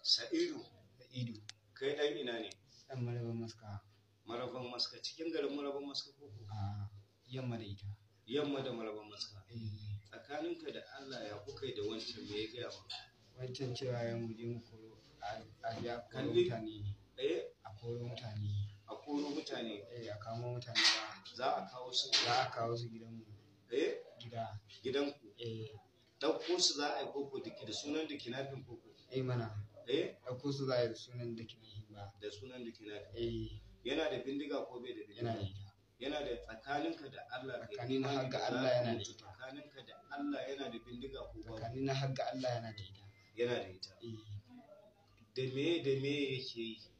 Sa'idu. Sa'idu. Kai dan ina ne? dan maraban maska. Maraban maska cikin garin maraban maska ko ko? yamma da ita. Yamma da maraban maska. Eh. Tsakaninka da Allah ya kuka da wancan me ya gaya ba. Wancan cewa ya je mu koro a ya koro mutane. Eh? A koro mutane. A koro mutane. Eh a kawo mutane ba. Za a kawo su. Za a kawo su mu Eh? Gida. ku Eh. Ɗauko su za a yi koko da sunan da nafin koko. Eh mana. eh ɗauko su za a yi sunan da kina ba? da sunan da kina eh yana da bindiga ko bai da bindiga yana da yana da tsakaninka da Allah kai ni ma ga Allah yana da ita tsakaninka da Allah yana da bindiga ko ba tsakanin na har ga Allah yana da ita yana da ita eh. da me da me yake yi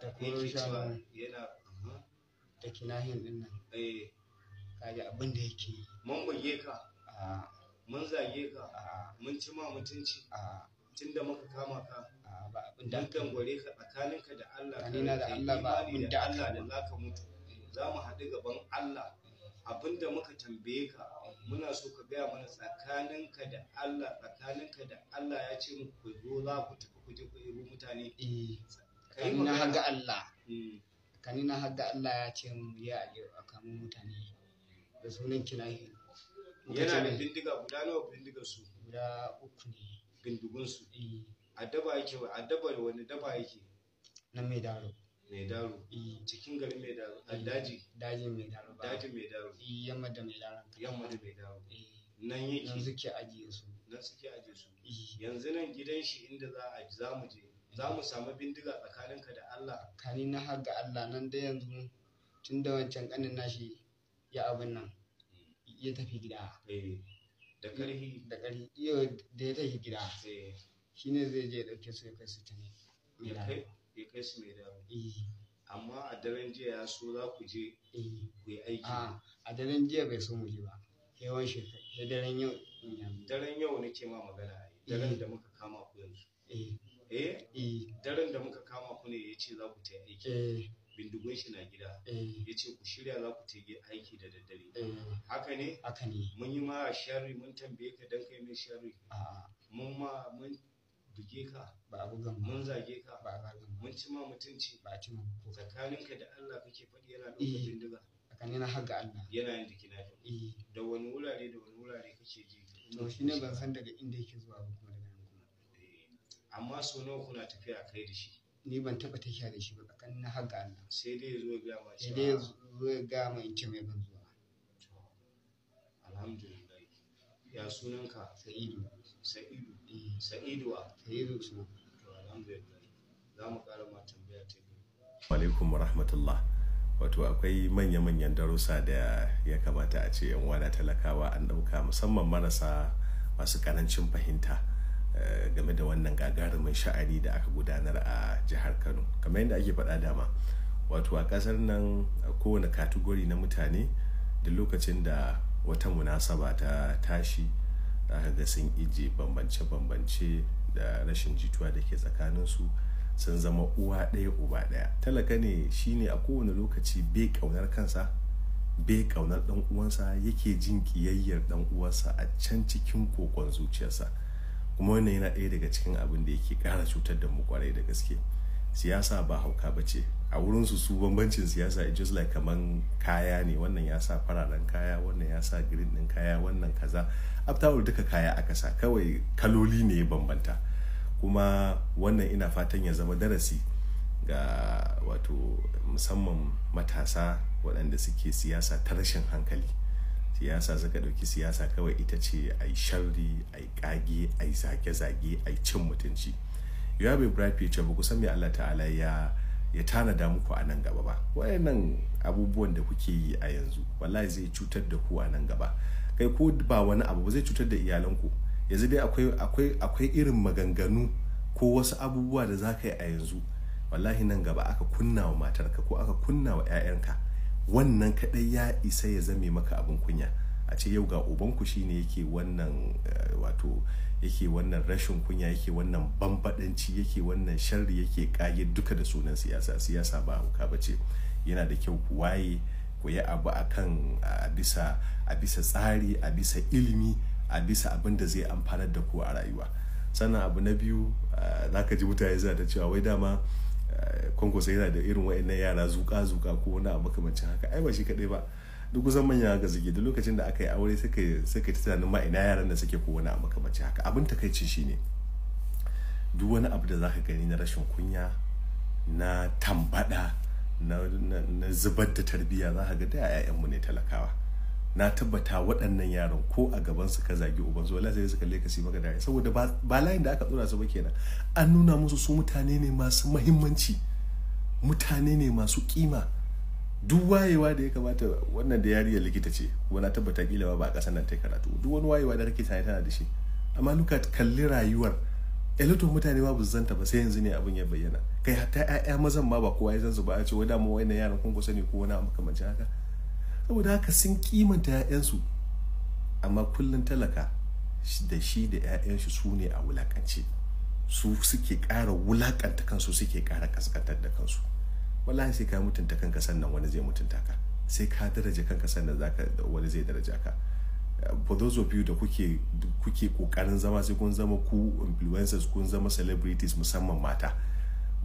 da kuma shawa yana da kinahin din nan eh kaji abin da yake yi mun buge ka ah. mun zage ka ah. mun ci ma mutunci a'a ah. tunda muka kama ka ba abin da kan gore ka tsakaninka da Allah ka da Allah ba abin da Allah da zaka mutu za mu haɗu gaban Allah abin da muka tambaye ka muna so ka gaya mana tsakaninka da Allah ka da Allah ya ce muku ku zo za ku tafi ku je ku e, yi mutane kai na haga Allah mm. kani na haga Allah ya ce mu ya aliyu a kamun mutane da sunan kilahi yana da bindiga guda nawa bindiga su guda uku ne bindigunsu mm. a daba yake a daba wani daba yake na mai daro mai daro mm. cikin garin mai daro a mm. daji daji mai daro daji mai daro yamma da mai daro yamma da mai daro nan yake nan suke ajiye su nan suke ajiye su yanzu nan gidan shi inda za a za mu je za mu samu bindiga tsakaninka da Allah kani na har ga Allah nan da yanzu tun da wancan kanin nashi ya abin nan ya tafi gida eh. da ƙarhi. da karhi yau da ya tafi gida eh. shi ne zai je ɗauke su ya kai su ta tuni ya kai su mai dawo eh. amma a daren jiya ya so za ku je eh. ku yi aiki ah, a daren jiya bai so mu je ba yawan shekaru da daren yau daren yau nake ma magana daren da muka kama ku yanzu eh daren da muka kama ku ne ya ce za ku ta yi aiki bindigon shi na gida eh. ya ce ku shirya za ku tege aiki da daddare eh. haka ne haka ne mun yi ma shari. mun tambaye ka dan kai mai sharri mun ma mun buge ka ba bugan mun zage ka ba mun ci ma mutunci ba ci Tsakanin ka da Allah kake faɗi yana ɗaukar eh. bindiga kan yana ga Allah yana yin jiki na da wani wurare da wani wurare kake ji to shi ne ban san daga inda yake zuwa ba kuma daga nan kuma amma so nawa kuna tafiya kai da shi ni ban taɓa tafiya da shi ba tsakanin na har ga Allah sai dai zo ga ma sai dai zo ga ma in ce mai ban zuwa alhamdulillah ya sunanka sa'idu sa'idu eh. sa'idu a sa'idu usman to alhamdulillah za mu ƙara ma tambaya ta biyu alaikum rahmatullah wato akwai manya-manyan darussa da ya kamata a ce yan wada talakawa an ɗauka musamman marasa masu ƙarancin fahimta Eh, game da wannan gagarumin sha'ani da aka gudanar a jihar kano kamar yadda ake faɗa dama wato a ƙasar nan a kowane katugori na mutane da lokacin da wata munasaba ta tashi aka ga sun ije bambance-bambance da rashin jituwa da ke tsakaninsu sun zama uwa ɗaya uba ɗaya talaka ne shine a kowane lokaci be ƙaunar kansa be ƙaunar ɗan uwansa yake jin ƙiyayyar ɗan uwansa a can cikin kokon zuciyarsa kuma wannan yana ɗaya daga cikin abin da yake ƙara cutar da mu kwarai da gaske siyasa ba hauka ba ce a wurin su su bambancin siyasa it just like kaman kaya ne wannan ya sa fararen kaya wannan ya sa green ɗin kaya wannan kaza after all duka kaya aka sa kawai kaloli ne ya bambanta kuma wannan ina fatan ya zama darasi ga wato musamman matasa waɗanda suke siyasa ta rashin hankali siyasa suka ɗauki siyasa kawai ita ce a yi sharri a yi ƙage a yi zage-zage a yi cin mutunci you bai a bright ba kusan me Allah ta'ala ya ya tanada muku a nan gaba ba wayannan abubuwan da kuke yi a yanzu wallahi zai cutar da ku a nan gaba kai ko ba wani abu ba zai cutar da iyalanku yanzu dai akwai akwai irin maganganu ko wasu abubuwa da za ka yi a yanzu wallahi nan gaba aka kunna wa matarka ko aka kunna wa 'ya'yanka wannan kaɗai ya isa ya zame maka abin kunya a ce yau ga ubanku shine yake wannan eh, wato yake wannan rashin kunya yake wannan bambadanci yake wannan sharri yake kage duka da sunan siyasa siyasa ba hauka ba ce yana da kyau ku waye ku yi abu akan a bisa a bisa tsari a bisa ilimi a bisa abin da zai amfanar da ku a rayuwa sannan abu na biyu eh, za ka ji mutane zai ta cewa wai dama Kwankwasa yana da irin wa'annan yara zuka zuka ko wani abu makamancin haka ai ba shi kaɗai ba duk kusan manya ga zage da lokacin da aka yi aure suka suka ta tunanin ma ina yaran da suke ko wani abu makamancin haka abin takaici ne. duk wani abu da za ka gani na rashin kunya na tambada na zubar da tarbiyya za ka ga da 'ya'yanmu ne talakawa na tabbata waɗannan yaron ko a gaban su ka zagi uban su wallahi sai su kalle ka maka dariya saboda ba layin da aka tsora su ba kenan an nuna musu su mutane ne masu mahimmanci mutane ne masu kima duk wayewa da ya kamata wannan da yariya likita ce kuma na tabbata kila ba a ƙasar nan ta karatu duk wani wayewa da kake tana tana da shi amma luka kalli rayuwar elito mutane ba zanta ba sai yanzu ne abin ya bayyana kai hatta 'ya'ya mazan ma ba kowa ya san su ba a ce wai dama wayannan yaran kun ku sani ko wani makamancin haka saboda haka sun kimanta 'ya'yansu amma kullum talaka da shi da 'ya'yansu su ne a wulakance su suke ƙara wulakanta kansu suke ƙara kaskantar da kansu wallahi sai ka mutunta kanka sannan wani zai mutunta ka sai ka daraja kanka sannan wani zai daraja ka for those of you da kuke kuke kokarin zama sai kun zama ku influencers kun zama celebrities musamman mata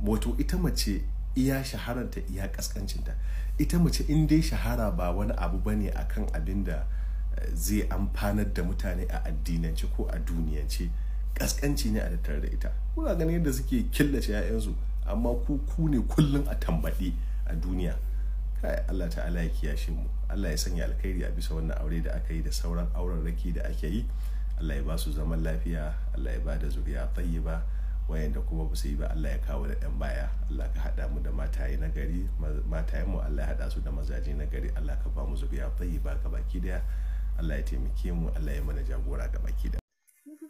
wato ita mace iya shaharanta iya kaskancinta ita mace in dai shahara ba wani abu ba bane akan abin da eh, zai amfanar da mutane a addinance ko a duniyance kaskanci ne a tattare da ita kuna ganin yadda suke killace 'ya'yansu amma ku ku ne kullum a tambaɗe a duniya kai Allah ta'ala ya kiyashe mu Allah ya sanya alkhairi a bisa wannan aure da aka yi da sauran auren raki da ake yi Allah ya ba su zaman lafiya Allah ya ba da zuriya tayyiba wayanda kuma ba su yi ba Allah ya kawo da ɗan baya Allah ka haɗa mu da mataye na gari matayen mu Allah ya haɗa su da mazaje na gari Allah ka ba mu zuriya ba ga baki daya Allah ya taimake mu Allah ya mana jagora ga baki daya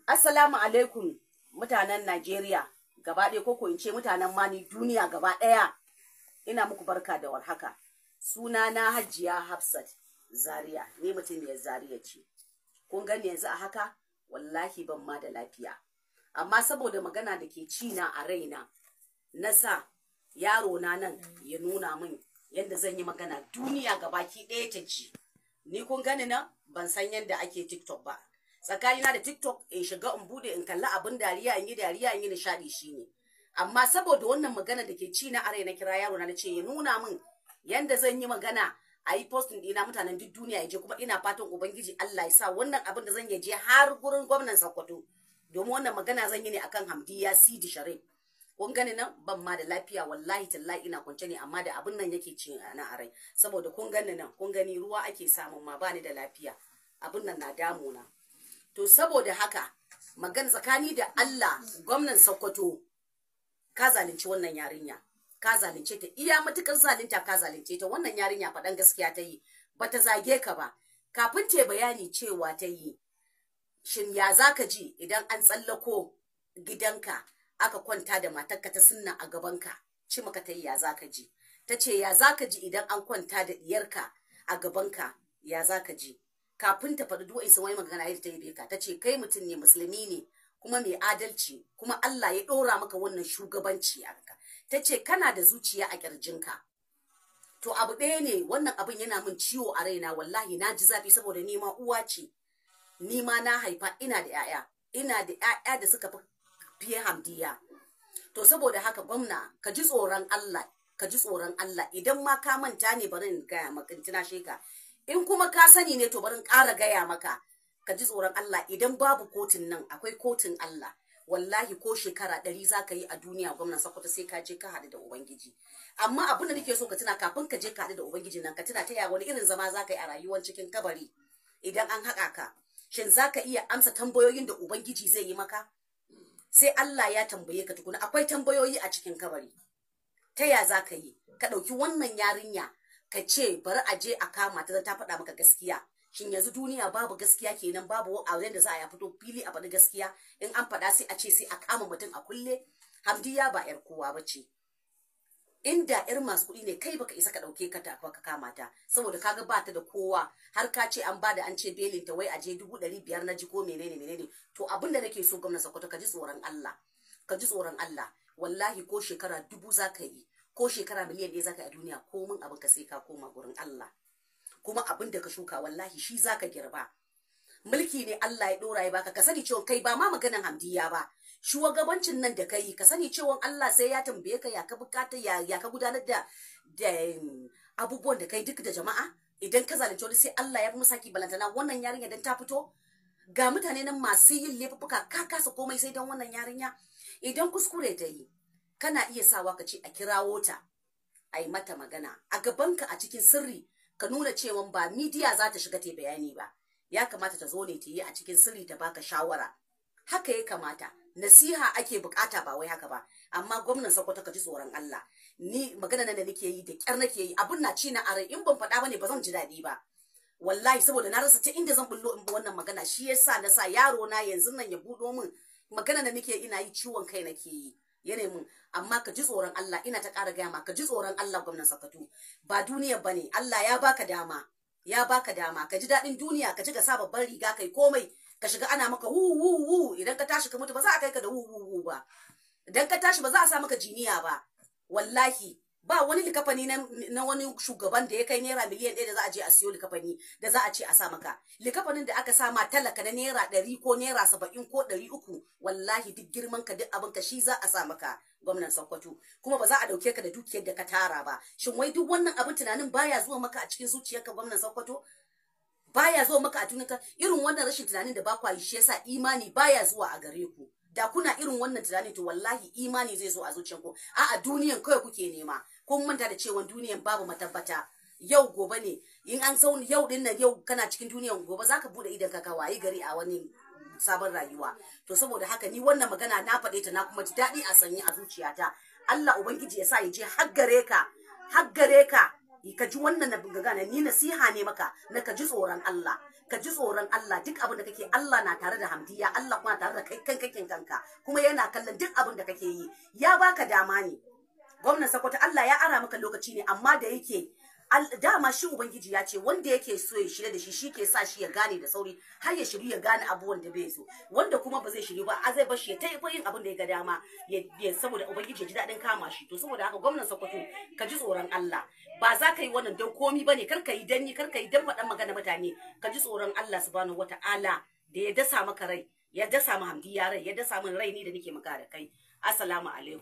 Assalamu alaikum mutanen Najeriya gaba ɗaya koko in ce mutanen mani duniya gaba ɗaya ina muku barka da warhaka suna na Hajiya Hafsat Zaria ne mutum ne Zaria ce kun gani yanzu a haka wallahi ban ma da lafiya amma saboda magana da ke cina a raina na sa yaro na nan ya nuna min yadda zan yi magana duniya ga baki ɗaya ta ji ni kun gani na ban san yadda ake tiktok ba tsakani na da tiktok in shiga in bude in kalli abin dariya in yi dariya in yi nishaɗi shine amma saboda wannan magana da ke ci na raina na kira yaro na ce ya nuna min yadda zan yi magana a yi postin ɗina mutanen duk duniya ya je kuma ina fatan ubangiji Allah ya sa wannan abin da zan je har gurin gwamnan Sokoto domin wannan magana zan yi ne akan Hamdiya Sidi Sharif kun gani nan ban ma da lafiya wallahi tallahi ina kwance ne amma da abin nan yake ci na a rai saboda kun gani nan kun gani ruwa ake samun ma bani da lafiya abin nan na damuna to saboda haka magana tsakani da Allah gwamnan Sokoto ka zalunci wannan yarinya ka zalunce ta iya matukar zalunta ka zalunce ta wannan yarinya faɗan gaskiya ta yi bata zage ka ba kafin ta bayani cewa ta yi shin ya za ji idan an tsallako gidanka aka kwanta da matarka ta sunna a gabanka ci maka ta ya za ji ta ce ya za ji idan an kwanta da diyarka a gabanka ya za ji kafin ta faɗi duwai isa wani magana yadda ta yi ka ta ce kai mutum ne musulmi ne kuma mai adalci kuma Allah ya ɗora maka wannan shugabanci a ka ta ce kana da zuciya a ƙirjinka to abu ɗaya ne wannan abin yana min ciwo a raina wallahi na ji zafi saboda nema uwa ce ni ma na haifa ina da 'ya'ya ina da 'ya'ya da suka fi fiye hamdiya to saboda haka gwamna ka ji tsoron Allah ka ji tsoron Allah idan ma ka manta ne bari in gaya maka tuna sheka in kuma ka sani ne to bari in ƙara gaya maka ka ji tsoron Allah idan babu kotun nan akwai kotun Allah wallahi ko shekara ɗari za ka yi a duniya gwamna sakwata sai ka je ka haɗu da Ubangiji. Amma abin da nake so ka tuna kafin ka je ka haɗu da Ubangiji nan ka tuna ta yaya wani irin zama za ka yi a rayuwar cikin kabari idan an haƙa ka. shin za ka iya amsa tambayoyin da ubangiji zai yi maka sai Allah ya tambaye ka tukuna akwai tambayoyi a cikin kabari ta ya za ka yi ka ɗauki wannan yarinya ka ce bari a je a kama ta ta faɗa maka gaskiya shin yanzu duniya babu gaskiya kenan babu wurin da za a ya fito fili a faɗi gaskiya in an faɗa sai a ce sai a kama mutum a kulle hamdiya ba 'yar kowa ba ce inda yar masu kuɗi ne kai baka isa ka ɗauke ka ka kama ta saboda kaga ba ta da kowa har ka ce an bada an ce belin ta wai aje dubu ɗari biyar na ji ko menene menene to abin da nake so gwamnati Sokoto ka ji tsoron Allah ka ji tsoron Allah wallahi ko shekara dubu za yi ko shekara miliyan ɗaya za yi a duniya ko mun abin ka sai ka koma gurin Allah kuma abin da ka shuka wallahi shi zaka girba mulki ne Allah ya ɗora ya baka ka sani cewa kai ba ma maganan hamdiya ba shugabancin nan da kai ka sani cewa Allah sai ya tambaye ka ya ka bukata ya ka gudanar da abubuwan da kai duk da jama'a idan ka zalunce wani sai Allah ya fi musaki balantana wannan yarinya dan ta fito ga mutane nan masu yin laifuka ka kasa komai sai dan wannan yarinya idan kuskure ta yi kana iya sawa ka ce a kirawo ta a mata magana a gabanka a cikin sirri ka nuna cewa ba midiya za ta shiga ta bayani ba ya kamata ta zo ne ta yi a cikin sirri ta baka shawara haka ya kamata nasiha ake bukata ba wai haka ba amma gwamnan Sokoto ka ji tsoron Allah ni magana nan da nake yi da kyar nake yi abun na ci na are in ban faɗa bane ba zan ji daɗi ba wallahi saboda na rasa ta inda zan bullo in bi wannan magana shi yasa na sa yaro na yanzu nan ya buɗo min magana da nake ina yi ciwon kai nake yi yanayi mun amma ka ji tsoron Allah ina ta ƙara gaya ma ka ji tsoron Allah gwamnan Sokoto ba duniya bane Allah ya baka dama ya baka dama ka ji daɗin duniya ka ji ka sa babban riga kai komai ka shiga ana maka wu wu wu idan ka tashi ka mutu ba za a kai ka da wu wu ba idan ka tashi ba za a sa maka jiniya ba wallahi ba wani likafani na, wani shugaban da ya kai naira miliyan ɗaya da za a je a siyo likafani da za a ce a sa maka likafanin da aka sa ma talaka na naira ɗari ko naira saba'in ko ɗari uku wallahi duk girman ka duk abin ka shi za a sa maka gwamnan sokoto kuma ba za a ɗauke ka da dukiyar da ka tara ba shin wai duk wannan abin tunanin baya zuwa maka a cikin zuciyarka gwamnan sokoto baya zuwa maka a tuninka irin wannan rashin tunanin da ba kwa yi shi yasa imani baya zuwa a gare ku da kuna irin wannan tunani to wallahi imani zai zo a a a'a duniyan kawai kuke nema kun manta da cewa duniyan babu matabbata yau gobe ne in an zauna yau din nan yau kana cikin duniyan gobe zaka bude idan ka yi gari a wani sabon rayuwa to saboda haka ni wannan magana na faɗe ta na kuma ji daɗi a sanyi a zuciyata Allah ubangiji ya sa ya je har gare ka har gare ka ka ji wannan na ga gane ni nasiha ne maka na ka ji tsoron Allah ka ji tsoron Allah duk abin da kake Allah na tare da hamdiya Allah kuma tare da kai kan kakin kanka kuma yana kallon duk abin da kake yi ya baka dama ne gwamnan Sokoto Allah ya ara maka lokaci ne amma da yake dama shi ubangiji ya ce wanda yake so ya shirya da shi shi ke sa shi ya gane da sauri har ya shiryu ya gane abu wanda bai so wanda kuma ba zai shiryu ba a zai bar shi ya fa yin abin da ya ga dama ya saboda ubangiji ya ji dadin kama shi to saboda haka gwamnan Sokoto ka ji tsoron Allah ba za ka yi wannan dan komi bane kar ka yi danni kar ka yi dan faɗan magana mutane ka ji tsoron Allah subhanahu wata'ala da ya dasa maka rai ya dasa mu Hamdi ya rai ya dasa min rai ni da nake maka da kai assalamu alaikum